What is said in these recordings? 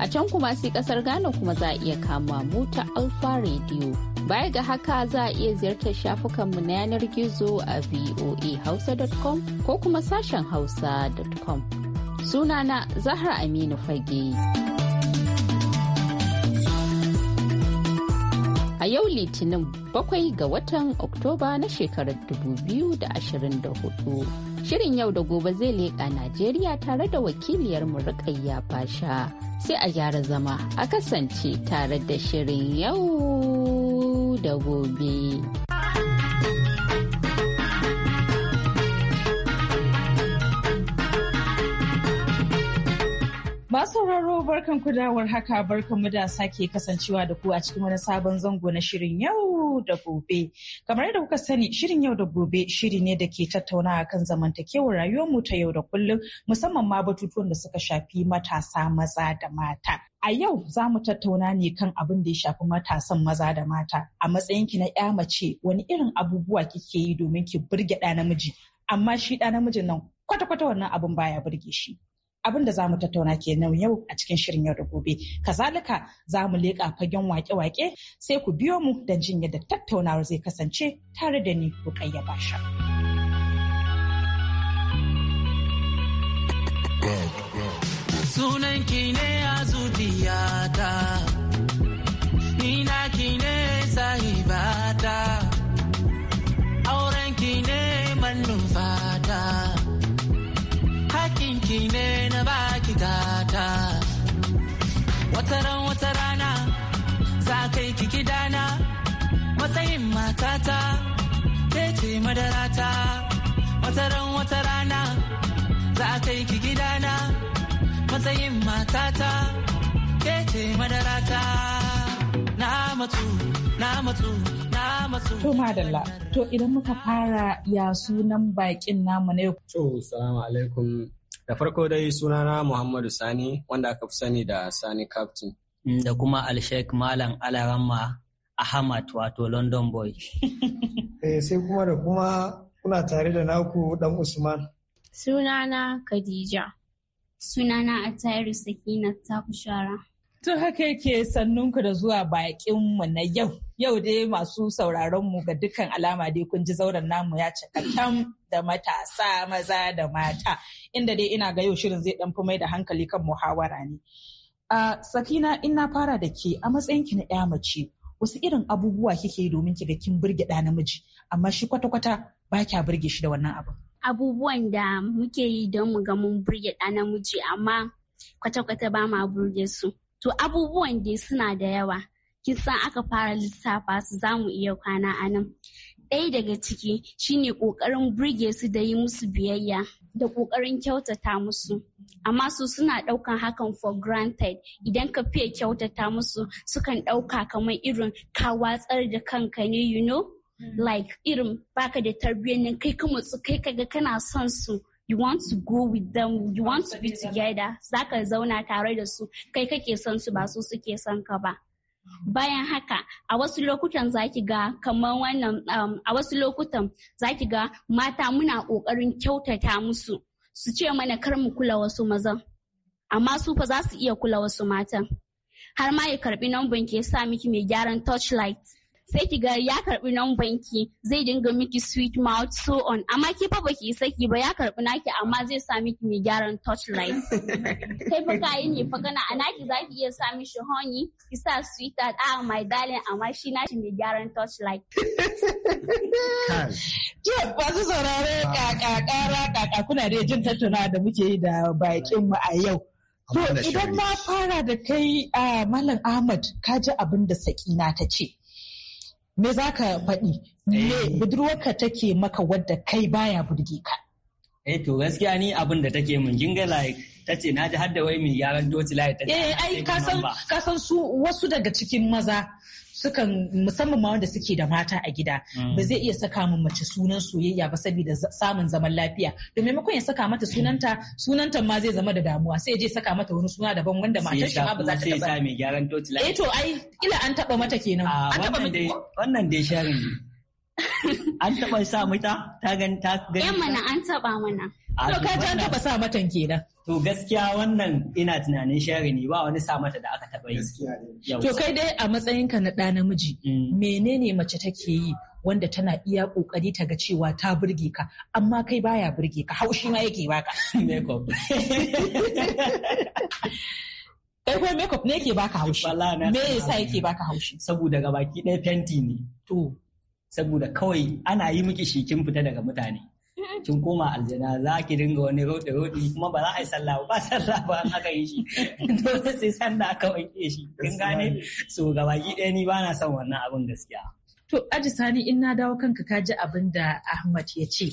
A can kuma sai kasar Ghana kuma za a iya kama mu ta Alfa Radio. Baya ga haka za a iya ziyartar shafukanmu na yanar gizo a voahausa.com ko kuma sashen hausa.com. Sunana Zahra Aminu Fage. a yau litinin bakwai ga watan oktoba na shekarar 2024 shirin yau da gobe zai leƙa najeriya tare da wakiliyar mu rikayya fasha sai a gyara zama a kasance tare da shirin yau da gobe. Masu sauraro barkan kudawar haka barkan mu da sake kasancewa da ku a cikin wani sabon zango na shirin yau da gobe. Kamar yadda kuka sani shirin yau da gobe shiri ne da ke tattauna kan zamantakewar rayuwar mu ta yau da kullum musamman ma batutuwan da suka shafi matasa maza da mata. A yau za mu tattauna ne kan abin da ya shafi matasan maza da mata. A matsayinki na 'ya mace wani irin abubuwa kike yi domin ki burge ɗa namiji amma shi ɗa namijin nan kwata-kwata wannan abin baya burge shi. abin da za mu tattauna kenan yau a cikin shirin yau da gobe kazalika za mu leƙa fagen wake-wake sai ku biyo mu don jin yadda tattaunawar zai kasance tare da ni Rukayya Basha. Sunan ki ne a zuciyata. wataran wata rana za ka yi dana matsayin matata ke ce madarata wataran wata rana za ka yi dana matsayin matata ke ce madarata na matu na matu To madalla, to idan muka fara ya sunan bakin namu na yau. To, salamu alaikum Da farko dai sunana Muhammadu Sani wanda aka fi sani da Sani Captain. Mm, da kuma Alshek Malam Alarama Ahmad wato London Boy. eh sai kuma da kuma kuna tare da naku dan Usman. Sunana Khadija. Sunana Atairu Sakina Takushara. Tun haka yake sannunku da zuwa bakinmu na yau. Yau dai masu sauraronmu ga dukkan alama dai kun ji zauren namu ya cika da matasa maza da mata. Inda dai ina ga yau shirin zai ɗan fi mai da hankali kan muhawara ne. a sakina in na fara da ke a matsayinki na ya mace wasu irin abubuwa kike yi domin kiga kin burge ɗa namiji amma shi kwata-kwata ba kya burge shi da wannan abin. Abubuwan da muke yi don mu ga mun burge ɗa namiji amma kwata-kwata ba ma burge su. To abubuwan dai suna da yawa. Kin san aka fara lissafa su za mu iya kwana a nan. Ɗaya daga ciki shine ƙoƙarin burge su da yi musu biyayya da ƙoƙarin kyautata musu. Amma su suna ɗaukan hakan for granted idan ka fiye kyautata musu sukan ɗauka kamar irin ka watsar da kanka ne you know? Mm. like irin baka da tarbiyyar nan kai kuma su kai kaga kana son su you want to go with them you want to be together zaka zauna tare da su kai kake son su ba su suke son ka ba bayan haka a wasu lokutan zaki ga kamar wannan um, a wasu lokutan zaki ga mata muna kokarin kyautata musu su ce mana kar mu kula wasu mazan amma su fa za su iya kula wasu matan har ma ya karbi namban ke sa miki mai gyaran touchlight sai ki ga ya karbi namban ki zai dinga miki sweet mouth so on amma ki fa baki saki ba ya karbi naki amma zai sa miki mai gyaran touch light kai fa kai ne fa kana a naki zaki iya sa mishi honey ki sa sweet ah my darling amma shi shi mai gyaran touch light ki ba su ah. ka ka kuna da jin tattauna da muke yi da bakin mu a yau To idan na fara da kai a ah, Malam Ahmad ka ji abin da Sakina ta ce. me za ka faɗi me eh. budurwarka take maka wadda kai baya burge ka eh to gaskiya ni abin da take mun jinga like ta ce na ji har wai mai gyaran doti layi ta eh ai ka san su wasu daga cikin maza sukan musamman ma wanda suke da mata a gida mm. ba zai iya saka mun mace sunan soyayya ba saboda samun zaman lafiya to maimakon ya saka mata sunanta sunanta ma zai zama da damuwa sai je saka mata wani suna daban wanda matar shi ma ba za ta taba sai mai gyaran totila eh to ai kila an taba mata kenan ah, an taba mata wannan dai sharin an taba sa mata ta gan ta yamma mana an taba mana ah, to ka an taba sa mata kenan To gaskiya wannan ina tunanin shari ne ba wani sa mata da aka taɓa yi. To kai dai a matsayinka na ɗa namiji mm. menene mace take yi wanda tana iya ƙoƙari ta ga cewa ta burge ka amma kai baya burge ka haushi ma yake baka. Makeup. Kai kuma makeup ne yake baka haushi. Me yasa yake baka haushi? Saboda gabaki ɗaya fenti ne. To. Saboda kawai ana yi miki shikin fita daga mutane. kin koma aljana za ki dinga wani roɗe roɗe kuma ba za a yi sallah ba sallah ba an aka yi shi dole sai sanda aka wanke shi kin gane so gabaki ɗaya ni ba na son wannan abin gaskiya to aji sani in na dawo kanka ka ji abin da ahmad ya ce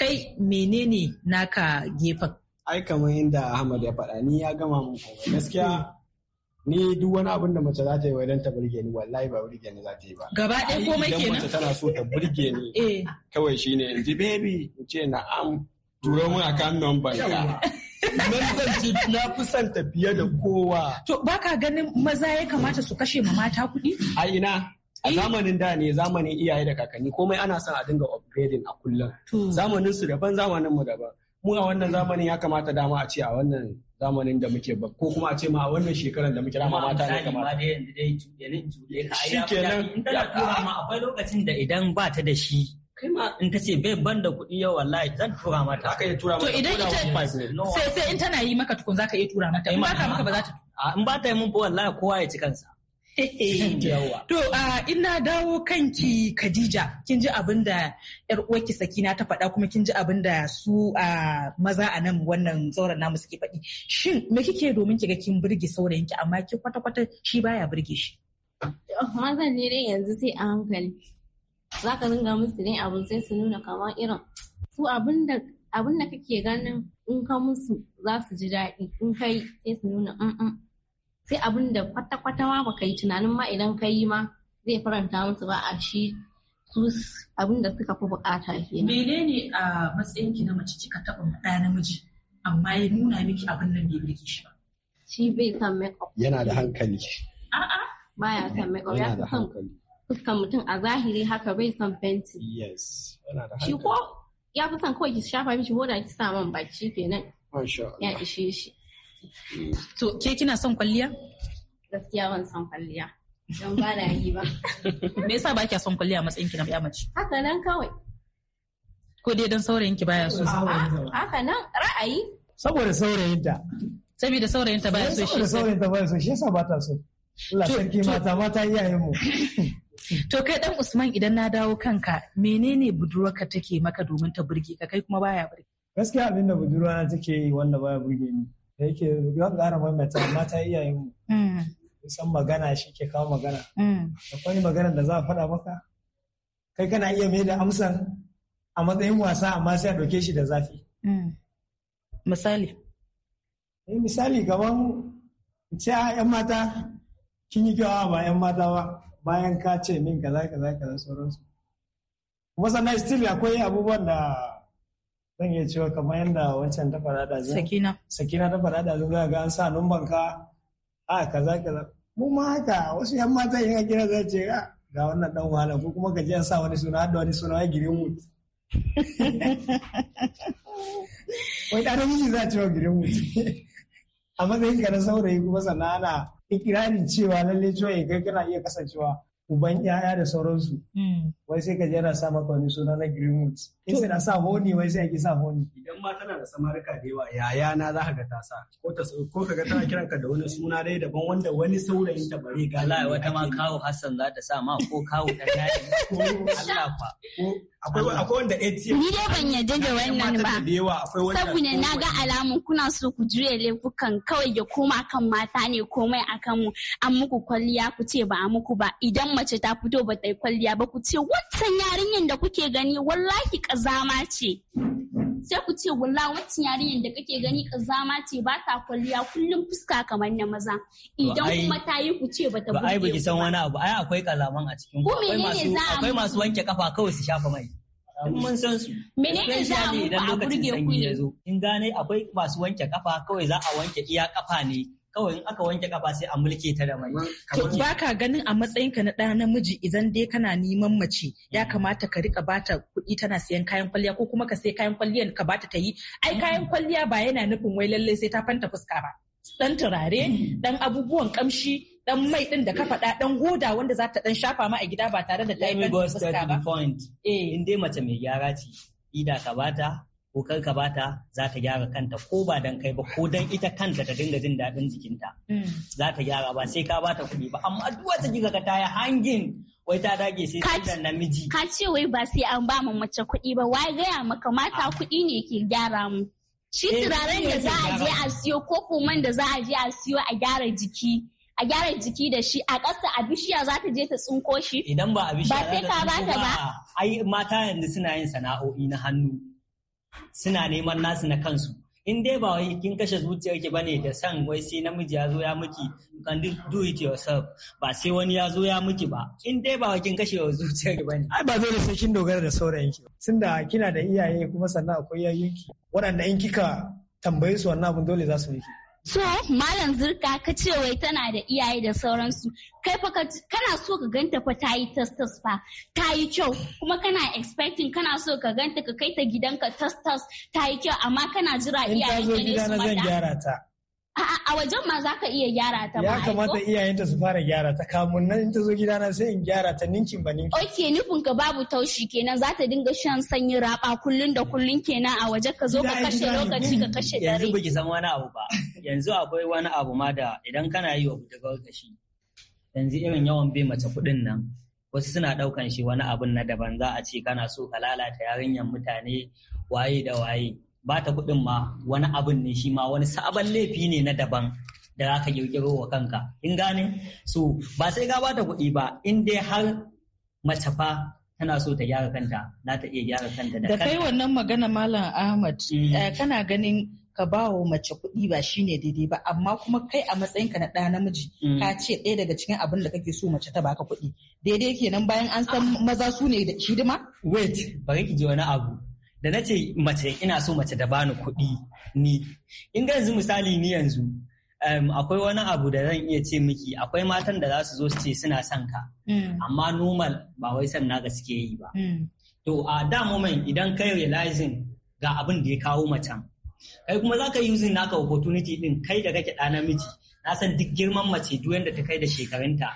kai menene naka gefen ai kamar inda ahmad ya faɗa ni ya gama mu gaskiya ni duk wani abin da mace za ta yi idan ta burge ni wallahi ba burge ni za ta yi ba gaba ɗaya ko mai kenan mace tana so ta burge ni eh. kawai shine in ji baby in ce na'am turo mun akan number ka Manzanci na fi son tafiye da kowa. To baka ganin maza ya kamata su kashe ma mata kuɗi? A ina. A eh. zamanin da ne zamanin iyaye da kakanni komai ana son a dinga upgrading a kullum. Zamanin su daban zamanin mu daban. Mu a wannan zamanin ya kamata dama a ce a wannan zamanin da muke ba ko kuma a ce ma a wannan shekaran da muke rama mata ne dai yanzu kamata. ka kenan in tana tura ma akwai lokacin da idan ba ta da shi kai ma in ta ce bai ban da kuɗi yau wallahi zan tura mata. Aka iya tura mata. To idan ita sai sai in tana yi maka tukun zaka iya tura mata in ba ka maka ba za ta. In ba ta yi mun wallahi kowa ya ci kansa. To ina dawo kanki Khadija kin ji abin da yar uwarki Sakina ta faɗa kuma kin ji abin da su a maza a nan wannan zauren namu suke faɗi. Shin me kike domin kiga kin burge saurayinki amma ki kwata kwata shi baya burge shi. Oh, mazan ne dai yanzu sai a hankali. Za ka dinga musu ne abin sai su nuna kamar irin su abin da abin da kake ganin in ka musu za su ji daɗi in kai sai su nuna sai abin da kwata-kwata ma baka yi tunanin ma idan ka yi ma zai faranta musu ba a shi su abin da suka fi bukata ke ne a matsayin ki na mace kika taɓa ɗaya namiji amma ya nuna miki abin nan bai birki shi ba shi bai san makeup yana da hankali a'a baya san makeup ya san fuskan mutum a zahiri haka bai san fenti yes yana da hankali shi ko ya fi son kawai ki shafa mishi hoda ki sa man baki kenan ya ishe shi Eh. To ke kina son kwalliya? Gaskiya ban son kwalliya. Don ba na yi ba. Me yasa ba kya son kwalliya matsayin ki na ya mace? Haka nan kawai. Ko dai don saurayin ki baya so. Haka nan ra'ayi. Saboda saurayin ta. Saboda ta baya so shi. Saboda ta baya so shi yasa ba ta so. Allah sarki mata mata iyayen mu. To kai dan Usman idan na dawo kanka menene budurwarka take maka domin ta burge ka kai kuma baya burge. Gaskiya abinda budurwa na take yi wanda baya burge ni da yake za ka ƙara maimaita amma ta yin mu mm. san magana shi ke kawo magana mm. akwai magana da za a faɗa maka kai kana iya mai da amsan a matsayin wasa amma sai a ɗauke shi da zafi mm. misali eh, misali kamar ce a 'yan mata kin yi kyawa ba 'yan mata ba bayan ka ce min kaza kaza kaza sauransu kuma sannan still akwai abubuwan da zan iya cewa kamar yadda wancan ta faɗa da sakina sakina ta faɗa da za ga an sa numban ka a ah, kaza kaza mu ma haka wasu yan mata yin hakira zai ce ah, ga wannan dan wahala ko kuma ka je an sa wani suna da wani suna ya girin mu wai da namiji za ce wa girin mu amma zai ka na saurayi kuma sannan ana ikirarin cewa lalle cewa eh, kai kana iya kasancewa uban yaya da sauransu hmm. wai sai ka je na sa maka wani suna na greenwood in sai na sa honi wai sai ake sa honi idan ma tana da samar da yawa yaya na za ka ga ta sa ko ta ko ka ga tana kiran ka da wani suna dai daban wanda wani saurayin ta bare ga Allah wata ma kawo Hassan za ta sa ma ko kawo ta yaya ko Allah fa akwai wanda ni dai ban yarda da wannan ba saboda na ga alamun kuna so ku juya laifukan kawai ya koma kan mata ne komai akan mu an muku kwalliya ku ce ba a muku ba idan mace ta fito ba ta yi kwalliya ba ku ce wancan yarinyar da kuke gani wallahi ƙazama ce sai ku ce walla wacce yarinyar da kake gani kazama ce ba ta kwalliya kullum fuska kamar na maza idan kuma ta yi ku ce ba ta buɗe ba ai san wani abu ai akwai kalaman a cikin ku akwai masu wanke kafa kawai su shafa mai mun san su menene za a burge ku ne in gane akwai masu wanke kafa kawai za a wanke iya kafa ne kawai in aka wanke kafa sai a mulke ta da mai. To ba ka ganin a matsayinka na ɗan namiji idan dai kana neman mace ya mm. kamata ka rika bata kuɗi tana siyan kayan kwalliya ko kuma ka sai kayan kwalliya ka bata ta yi. Ai mm. kayan kwalliya ba yana nufin wai lallai sai ta fanta fuska ba. Ɗan turare, dan mm. abubuwan kamshi, dan mai ɗin da ka faɗa dan goda wanda za ta dan shafa ma a gida ba tare da ta yi fuska ba. Eh, in dai mace mai gyara ce, ida ka bata ko kar ka bata za ta gyara kanta ko ba dan kai ba ko dan ita kanta ta dinga jin daɗin jikinta mm. za ta gyara ba sai ka bata kuɗi ba amma duk wata kika ka taya hangin wai ta dage sai sai namiji ka ce wai ba sai an ba mu mace kuɗi ba wai gaya maka mata ah. kuɗi ne ke gyara mu shi eh, turaren da za a je a siyo ko kuman da za a je a siyo a gyara jiki a gyara jiki da shi a ƙasa a bishiya za ta je ta tsinko shi idan ba a bishiya ba sai ka ba ai mata yanzu suna yin sana'o'i na hannu suna neman nasu na kansu in dai ba wai kin kashe zuciyar ki bane da san wai sai namiji ya zo ya miki can do it yourself ba sai wani ya zo ya miki ba in dai ba wai kin kashe zuciyar ki bane ai ba dole sai kin dogara da saurayin ki tunda kina da iyaye kuma sannan akwai yayyuki ki waɗanda in kika tambaye su wannan abun dole za su miki So, Malam Zirka ka ce wai tana da iyaye da sauransu. Kai fa kana so ka ganta fa ta yi tastas fa, ta yi kyau, kuma kana expecting kana so ka ganta ka kai ta gidanka tas-tas ta yi kyau, amma kana jira iyayen ka ne su ta. A wajen ma za ka iya gyara ta ba. Ya kamata iyayenta su fara gyara ta kamun nan in ta zo gidana sai in gyara ta ninkin ba ninkin. Ok nufin ka babu taushi kenan za ta dinga shan sanyi raba kullun da kullun kenan a waje ka zo ka kashe lokaci ka kashe dare. Yanzu ba ki san wani abu ba. yanzu akwai wani abu ma da idan kana yi wa budurwar ka shi yanzu irin yawan bi mace kuɗin nan wasu suna ɗaukan shi wani abun na daban za a ce kana so ka lalata yarinyar mutane waye da waye ba ta kuɗin ma wani abun ne shi ma wani sabon laifi ne na daban da za ka ƙirƙiro wa kanka in gane so ba sai ka bata kuɗi ba in dai har mace fa tana so ta gyara kanta za ta iya gyara kanta da kai wannan magana malam ahmad mm. eh, kana ganin ka ba wa mace kuɗi ba shi ne daidai ba amma kuma kai a matsayinka na ɗa namiji mm. ka ce ɗaya daga cikin abin da kake so mace ta baka kuɗi daidai kenan bayan an san maza su ne da hidima wait bari ki ji wani abu da na ce mace ina so mace da bani kuɗi ni in ga yanzu misali ni yanzu akwai wani abu da zan iya ce miki akwai matan da za su zo su ce suna son ka mm. amma normal ba wai son naga suke yi ba mm. to a da moment idan kai realizing ga abin da ya kawo macen kai kuma za ka yi using naka opportunity din kai da kake ɗa namiji na san duk girman mace duk da ta kai da shekarunta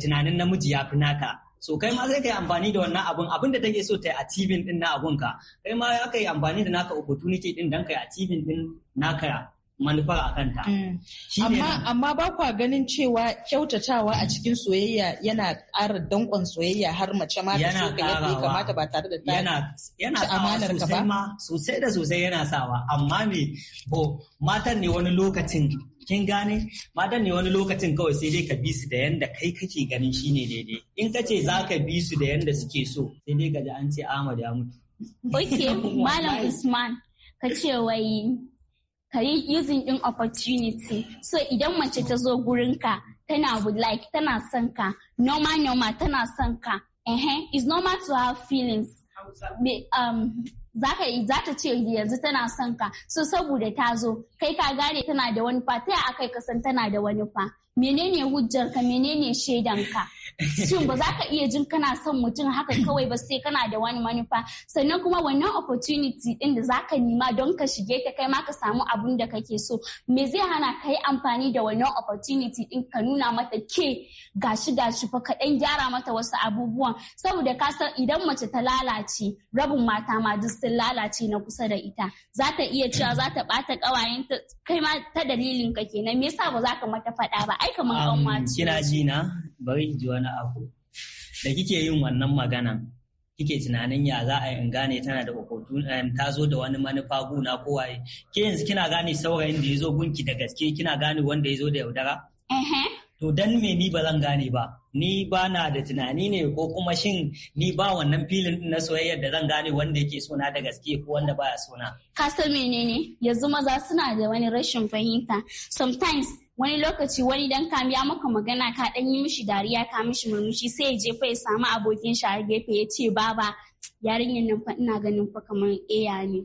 tunanin namiji ya fi naka so kai ma zai kai amfani da wannan abun abin da take so ta yi achieving din na abun kai ma ya yi amfani da naka opportunity din dan kai achieving din naka manufa a kanta. Mm. Amma amma ba kwa ganin cewa kyautatawa a cikin soyayya yana ƙara danƙon soyayya har mace ma da so yadda ya kamata ba tare da ta yana amanar ka ba. Sosai da sosai yana sawa amma me bo matan ne wani lokacin kin gane matan ne wani lokacin kawai sai dai ka bi su da yanda kai kake ganin shine daidai in ka ce za ka bi su da yanda suke so sai dai ga an ce Ahmad ya mutu. Ok, Malam Usman, ka ce wai ka yi using ɗin opportunity so idan mace ta zo gurinka tana like tana son ka normal normal tana son ka is normal to have feelings um, zaka zata ce yanzu tana son ka so saboda ta zo kai ka gane tana da wani fa ta akai kasan tana da wani fa menene hujjar ka menene shaidan ka shin ba za ka iya jin kana son mutum haka kawai ba sai kana da wani manufa sannan kuma wannan opportunity din da za ka nima don ka shige ta kai ma ka samu abun da kake so me zai hana ka yi amfani da wannan opportunity din ka nuna mata ke gashi gashi fa ka dan gyara mata wasu abubuwan saboda ka san idan mace ta lalace rabin mata ma duk sun lalace na kusa da ita za ta iya cewa za ta bata kawayen kai ma ta dalilin ka kenan me yasa ba za ka mata faɗa ba ai kamar kan mace kina ji na bari ji wani wani abu da kike yin wannan magana kike tunanin ya za a yi in gane tana da kokotu ta zo da wani manufa guna ko waye ke yanzu kina gane saurayin da ya zo gunki da gaske kina gane wanda ya zo da yaudara to dan me ni ba zan gane ba ni ba na da tunani ne ko kuma shin ni ba wannan filin na soyayyar da zan gane wanda yake sona da gaske ko wanda baya sona ka san menene yanzu maza suna da wani rashin fahimta sometimes wani lokaci wani dan ka ya maka magana ka dan yi mishi dariya ka mishi murmushi sai ya je fa ya samu abokin shi a gefe ya ce baba yarinyar nan fa ina ganin fa kamar eya ne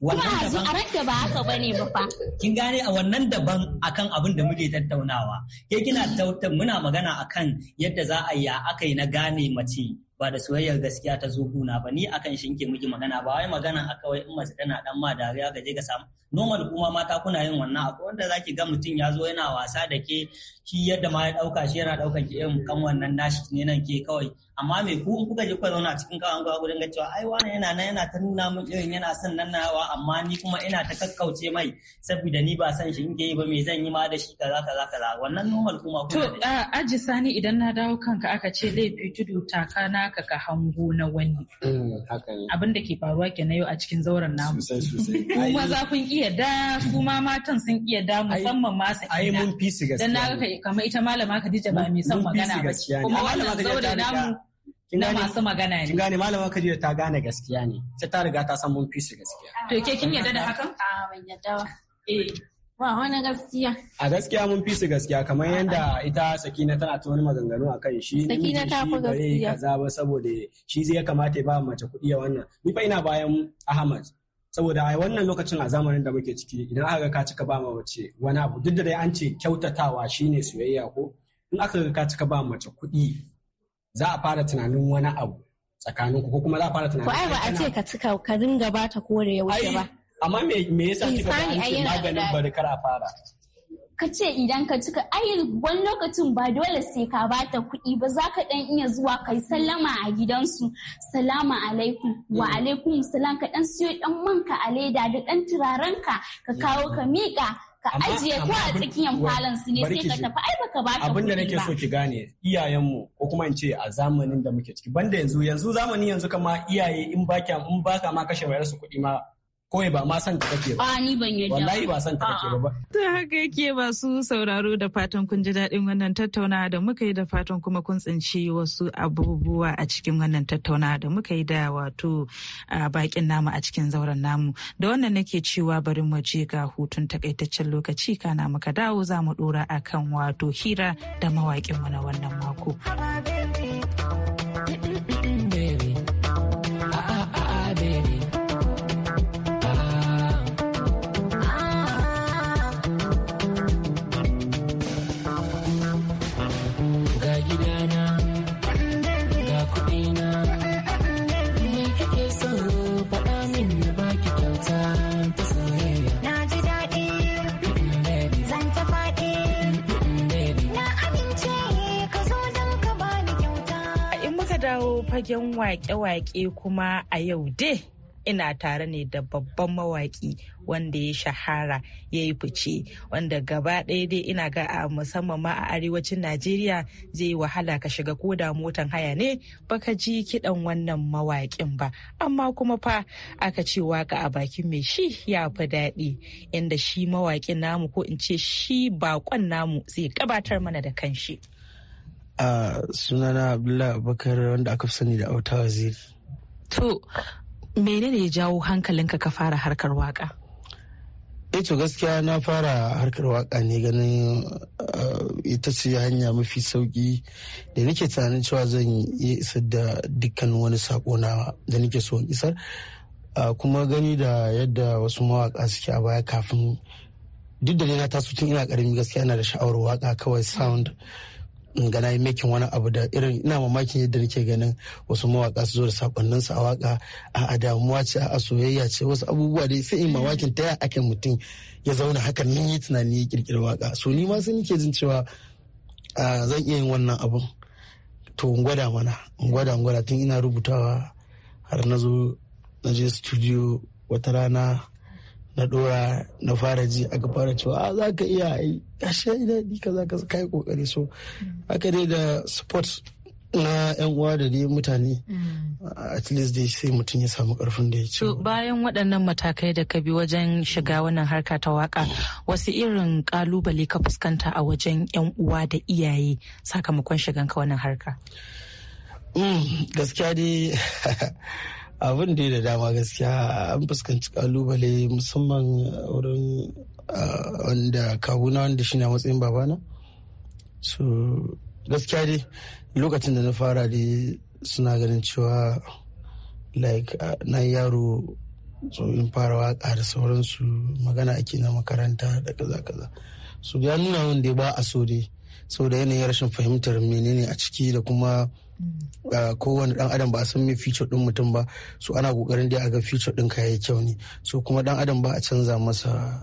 kuma a ran da ba haka bane ba fa kin gane a wannan daban akan abin da muke tattaunawa ke kina muna magana akan yadda za a yi aka yi na gane mace ba da soyayyar gaskiya ta zo kuna ba ni akan shi ke magana ba wai magana a kawai in mace tana dan ma dariya gaje ga samu normal kuma mata kuna yin wannan akwai wanda zaki ga mutum ya zo yana wasa da ke shi yadda ma ya dauka shi yana daukan ki irin eh, kan wannan nashi ne nan ke kawai amma me ku in kuka je kuka zauna cikin kawan gwa gurin ga cewa ai wannan yana nan yana ta nuna min irin yana son nan nawa amma ni kuma ina ta kakkauce mai saboda ni ba san shi in ke yi ba me zan yi ma da shi kaza kaza kaza wannan normal kuma kuna to aji sani idan na dawo kanka aka ce laifi tudu taka naka ka hango na wani mm, abin da ke faruwa kenan yau a cikin zauren namu kuma za kun iya iya da su ma matan sun iya da musamman ma su ai mun fi su gaskiya dan na ga kamar ita malama Khadija ba mai son magana ba kuma wannan saboda namu na masu magana ne. Kin gane malama Khadija ta gane gaskiya ne. ta ta riga ta san mun fi su gaskiya. To ke kin yarda da hakan? A ban yarda ba. Eh. Ba wani gaskiya. A gaskiya mun fi su gaskiya kamar yadda ita Sakina tana ta wani maganganu a kan shi. Sakina ta fi gaskiya. Kaza ba saboda shi zai kamata ya ba mace kuɗi ya wannan. Ni fa ina bayan Ahmad. saboda a wannan lokacin a zamanin da muke ciki idan aka ga ka cika ba ma mace wani abu duk da dai an ce kyautatawa shine soyayya ko in aka ga ka cika ba mace kuɗi za a fara tunanin wani abu tsakanin ku ko kuma za a fara tunanin ko ai ba a ce ka cika ka dinga ba ta kore ya wuce ba amma me me yasa kika ba maganin barkar a fara ka ce idan ka cika ai wani lokacin ba dole sai ka bata kuɗi ba za ka ɗan iya zuwa kai sallama a gidansu salama alaikum wa alaikum salam ka ɗan siyo ɗan manka a leda da ɗan turarenka ka kawo ka miƙa ka ajiye ko a tsakiyan falon su ne sai ka tafi ai baka bata abin da nake so ki gane iyayenmu ko kuma in ce a zamanin da muke ciki banda yanzu yanzu zamani yanzu kama iyaye in baka in baka ma kashe wayar su kuɗi ma kawai ba ma san ta kake ba. ni ban yadda. Wallahi ba san ta kake ba. Ta haka yake masu sauraro da fatan kun ji daɗin wannan tattaunawa da muka yi da fatan kuma kun tsinci wasu abubuwa a cikin wannan tattaunawa da muka yi da wato bakin namu a cikin zauren namu. Da wannan nake cewa bari mu je ga hutun takaitaccen lokaci kana muka dawo za mu dora akan wato hira da mu na wannan mako. fagen wake-wake kuma a yau dai ina tare ne da babban mawaki wanda ya shahara ya yi fice wanda gaba ɗaya dai ina ga a musamman ma a arewacin najeriya zai yi wahala ka shiga koda motan haya ne ba ka ji kiɗan wannan mawaƙin ba amma kuma fa aka ce waka a bakin mai shi ya fi daɗi inda shi mawaƙin namu ko in ce shi baƙon namu zai gabatar mana da kanshi. a sunana abdullahi abubakar wanda aka fi sani da auta waziri to menene ya jawo hankalinka ka fara harkar waka e eh to gaskiya na fara harkar waka ne ganin eh, ita ce hanya mafi sauki da nake tunanin cewa zan yi isar da dukkan wani sako na da nake so isar kuma gani da yadda wasu mawaka suke a baya kafin duk da na taso tun ina karami gaskiya ina da sha'awar waka kawai sound in ga na yi mekin wani abu da irin ina mamakin yadda nake ganin wasu mawaka su zo da sakonnin su a waka a damuwa ce a soyayya ce wasu abubuwa dai sai in mamakin ta yaya ake mutum ya zauna haka nan yi tunani ya kirkiri waka so ni ma sai nake jin cewa zan iya yin wannan abun to in gwada mana in gwada in gwada tun ina rubutawa har na zo na je studio wata rana na dora na fara ji aka fara cewa a ah, za ka iya ai ashe ina ni ka za ka kai kokari so aka dai da support na yan uwa da dai mutane mm. at least dai sai mutum ya samu karfin da ya ci. bayan waɗannan matakai da ka bi wajen shiga wannan harka ta waka wasu irin kalubale ka fuskanta a wajen yan uwa da iyaye sakamakon shigan ka wannan harka. Mm, gaskiya dai abin da da dama gaskiya an fuskanci kalubale musamman wurin ah, wanda kawuna wanda shi na matsayin babana so gaskiya dai lokacin da na fara dai suna ganin cewa like ah, na yaro tsohon fara waka da sauransu magana ake na makaranta da kaza kaza so ya nuna wanda ba a so dai sau da yanayin rashin fahimtar menene a ciki da kuma mm. ah, kowane dan adam ba a san me feature din mutum ba so ana kokarin dai a ga feature din ka kyau ne so kuma dan adam ba a canza masa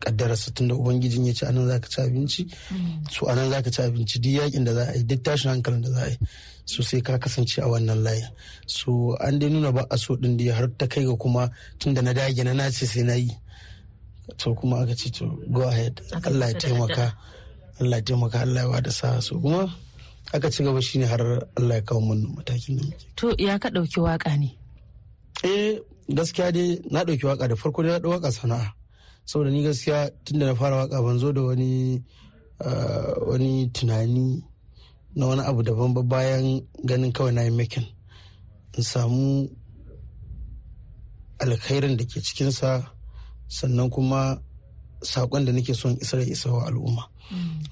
kaddara sittin da ubangijin ya ce anan zaka ci abinci mm. so anan zaka ci abinci duk yakin da za a yi duk tashin hankalin da za a yi so sai ka kasance a wannan layi so an dai nuna ba a so din da har ta kai ga kuma tunda na dage na nace sai na yi to kuma aka ce to go ahead Allah ya taimaka Allah ya taimaka Allah ya da sa su kuma aka ci gaba shine har Allah ya kawo mun matakin da to ya ka dauki waka ne eh gaskiya dai na dauki waka da farko dai na dauki waka sana'a saboda ni gaskiya tunda na fara waka ban zo da wani ah, wani tunani na wani abu daban ba bayan ganin kawai na yi makin in samu alkhairin da ke cikinsa sannan kuma saƙon da nake son isar isa wa al'umma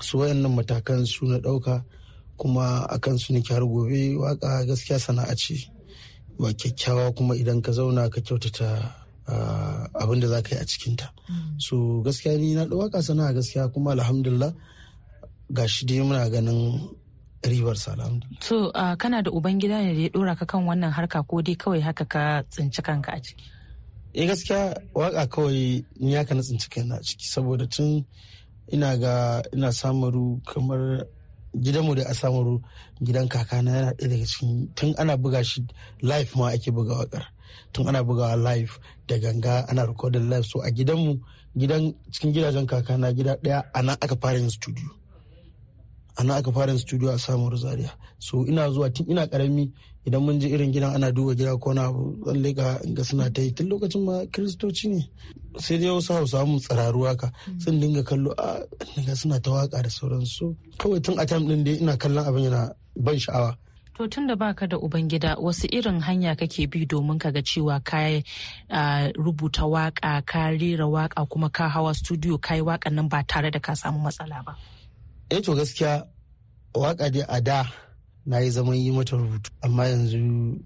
su wayannan matakan su na ɗauka kuma a kan su ne har gobe waka gaskiya sana'a ce ba kyakkyawa kuma idan ka zauna ka kyautata abin da za ka yi a cikinta mm. so gaskiya ni na waka sana'a gaskiya kuma alhamdulillah shi dai muna ganin ribar salam. So kana da ubangida ne da ya dora ka kan wannan harka ko dai kawai haka ka tsinci kanka a ciki? Eh gaskiya waka kawai ni haka na tsinci kaina a ciki saboda tun ina ga ina samaru kamar gidanmu da a samaru gidan kakana yana ɗaya daga cikin tun ana buga shi live ma ake buga wakar tun ana bugawa live da ganga ana recording live so a gidanmu gidan cikin gidajen kakana gida ɗaya a nan aka fara yin studio ana aka fara studio a samun zaria so ina zuwa tun ina karami idan mun je irin gidan ana duba gida ko na abu tsalle ga suna ta yi tun lokacin ma kiristoci ne sai dai wasu hau mu tsiraru haka sun dinga kallo a ah, ga suna ta waka da sauransu kawai tun a tam din dai ina kallon abin yana ban sha'awa To tun da baka da Ubangida wasu irin hanya kake bi domin ka ga cewa ka ah, rubuta waka ka rera waka kuma ka hawa studio ka yi wakan nan ba tare da ka samu matsala ba. eh to gaskiya waka dai a da na yi zaman yi mata rubutu amma yanzu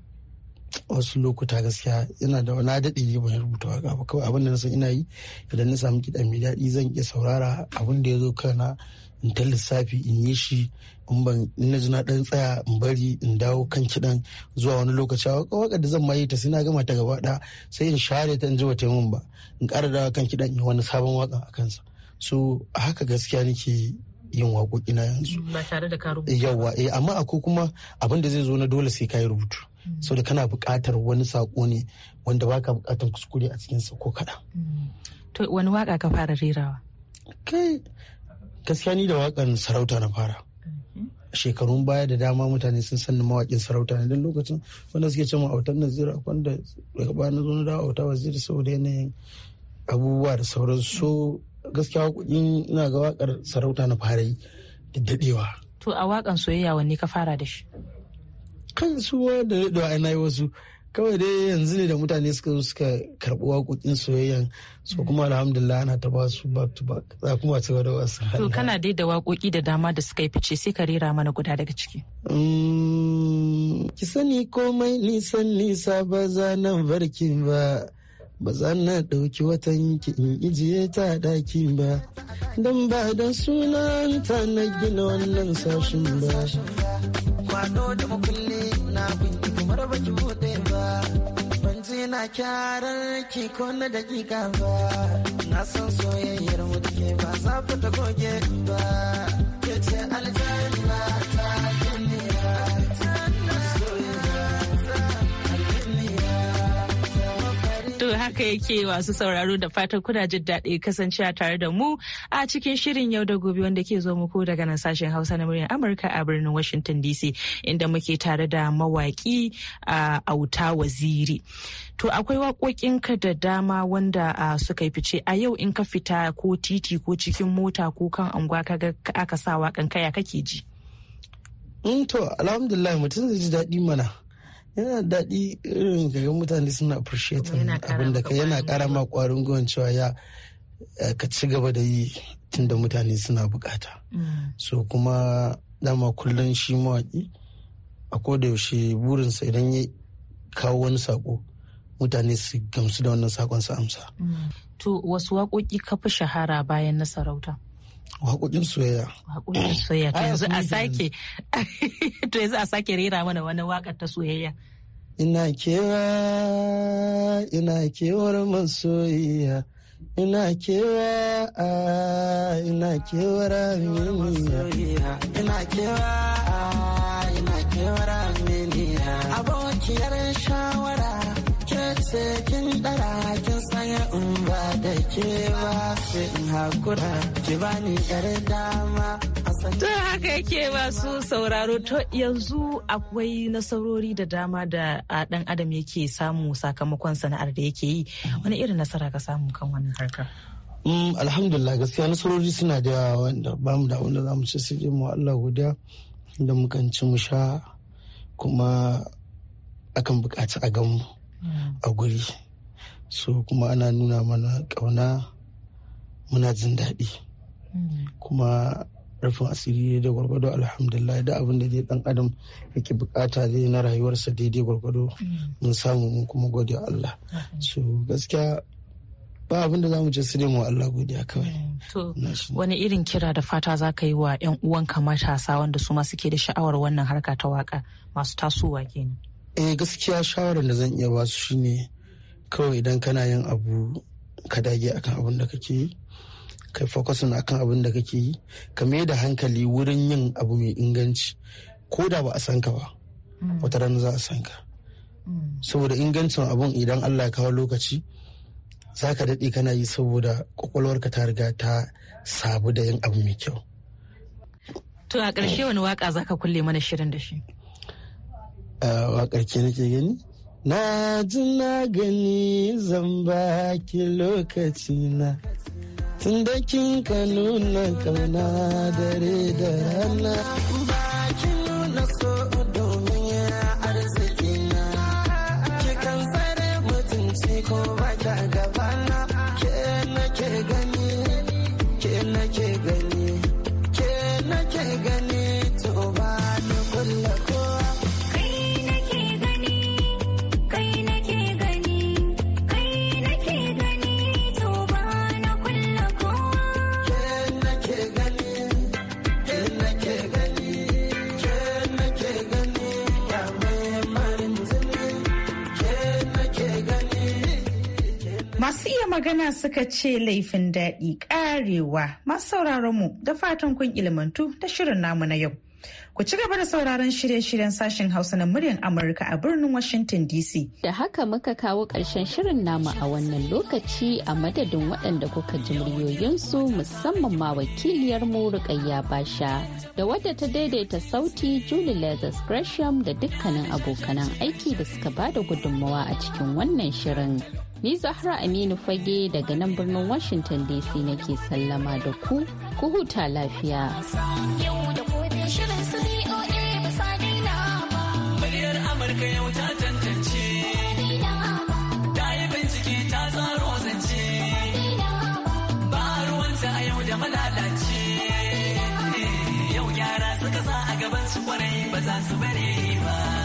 wasu lokuta gaskiya yana da wani daɗi ne bayan rubuta waka ba kawai abin da na san ina yi idan na samu kiɗan mai daɗi zan iya saurara abin da ya zo kana in ta lissafi in yi shi in ban in na ji na tsaya in bari in dawo kan kiɗan zuwa wani lokaci a waka da zan maye ta sai na gama ta gaba ɗaya sai in share ta in ji wata mun ba in ƙara dawo kan kiɗan in wani sabon waka a kansa so haka gaskiya nake yin waƙoƙi na yanzu ba tare da ka rubuta yawa eh amma akwai kuma abin da zai zo na dole sai ka yi rubutu mm. so da kana buƙatar wani saƙo ne wanda baka buƙatar kuskure a cikin sa ko kaɗan mm. to wani waƙa ka fara rerawa kai gaskiya ni da waƙar sarauta na fara shekarun baya da dama mutane sun san ni mawaƙin sarauta ne don lokacin wanda suke cewa autar nazira wanda daga baya na zo na dawo auta waziri saboda yanayin abubuwa da sauran so gaskiya waƙoƙin ina ga wakar sarauta na fara yi daɗewa. To a waƙan soyayya wanne ka fara da shi? Kan suwa da daɗewa yi wasu. kawai dai yanzu ne da mutane suka zo suka karɓi waƙoƙin soyayya so mm. kuma alhamdulillah ana ta ba su back to back za kuma ci da wasu to kana dai da waƙoƙi da dama da suka yi fice sai ka rera mana guda daga ciki mm, ki sani komai nisan nisa ba za nan barkin ba ba za na ɗauki watan ki in ijiye ta ɗaki ba don ba da sunan ta na gina wannan sashin ba kwado da makulli na binki kamar baki buɗe ba ban ji na kyarar ki ko na dakika ba na san soyayyar mu da ke ba za ta goge ba ke ce haka yake masu sauraro da fatan kuna jin daɗi kasancewa tare da mu a cikin shirin yau da gobe wanda ke zo muku daga nan sashen Hausa na muryar Amurka a birnin Washington DC inda muke tare da mawaƙi a auta waziri. To akwai ka da dama wanda suka yi fice a yau in ka fita ko titi ko cikin mota ko kan unguwa kaga aka sa waƙan kaya kake ji. Mm, to alhamdulillah mutum zai ji daɗi mana. yana daɗi irin ga mutane suna appreciating abin da ka yana ƙara ma ƙwarin gwiwan cewa ya eh, ka ci gaba da yi tun da mutane suna bukata mm. so kuma dama kullum shi mawaƙi a koda yaushe burinsa idan ya kawo wani sako mutane su gamsu da wannan sakon su amsa mm. to wasu waƙoƙi ka fi shahara bayan na sarauta Waƙoƙin soyayya. Waƙoƙin soyayya. To yanzu a sake to yanzu a sake rera mana wani waƙar ta soyayya. Ina kewa ina kewar masoyiya. Ina kewa ina kewar aminiya. Ina kewa ina kewar aminiya. Abokiyar shawara ke se kin dara kin in ba da ke ba sai in hakura ki dama To haka yake masu sauraro to yanzu akwai nasarori da dama da dan adam yake samu sakamakon sana'ar da yake yi wani irin nasara ka samu kan wannan harkar. Mm, alhamdulillah gaskiya nasarori suna da yawa wanda ba mu da wanda za mu ci sai mu Allah guda da mukan ci mu sha kuma akan bukaci a gamu a guri so kuma ana nuna mana kauna muna jin daɗi kuma rufin asiri da gwargwado alhamdulillah da abin da dan adam yake bukata zai na rayuwarsa daidai gwargwado mun samu mun kuma gode Allah so gaskiya ba abin da zamu ce su mu Allah godiya kawai mm, to wani irin kira da fata za ka yi wa yan uwanka matasa wanda su ma suke da sha'awar wannan harka ta waka masu tasowa kenan eh gaskiya shawarar da zan iya ba su shine kawai idan kana yin abu ka dage akan abin da kake yi kai focusin akan abin da kake yi ka mai da hankali wurin yin abu mai inganci ko da ba a san ka ba hmm. wata rana za a san ka hmm. saboda ingancin abun idan allah ya kawo lokaci za ka daɗe kana yi saboda kwakwalwarka ta riga ta sabu da yin abu mai kyau to a ƙarshe wani waka za ka kulle mana shirin da shi waƙar ke nake gani na ji na gani zan baki lokacina tun da kin ka nuna kauna dare da rana baki nuna so domin ya arzikina kikan tsare mutunci ko baka gabana magana suka ce laifin daɗi ƙarewa masu sauraron mu da fatan kun ilimantu ta shirin namu na yau. Ku ci gaba da sauraron shirye-shiryen sashen Hausa na muryar Amurka a birnin Washington DC. Da haka muka kawo ƙarshen shirin namu a wannan lokaci a madadin waɗanda kuka ji muryoyinsu musamman ma wakiliyar mu Rukayya Basha da wadda ta daidaita sauti Julie Leathers Gresham da dukkanin abokanan aiki da suka ba da gudunmawa a cikin wannan shirin. Ni Zahra Aminu Fage daga nan birnin Washington DC nake sallama da ku, ku huta lafiya. Yau da shirin su Amurka yau ta tantance. Ta yi bincike ta tsaro zance. Ba ruwanta a yau da malalace. Yau gyara suka sa a gaban su kwarai ba za su bare ba.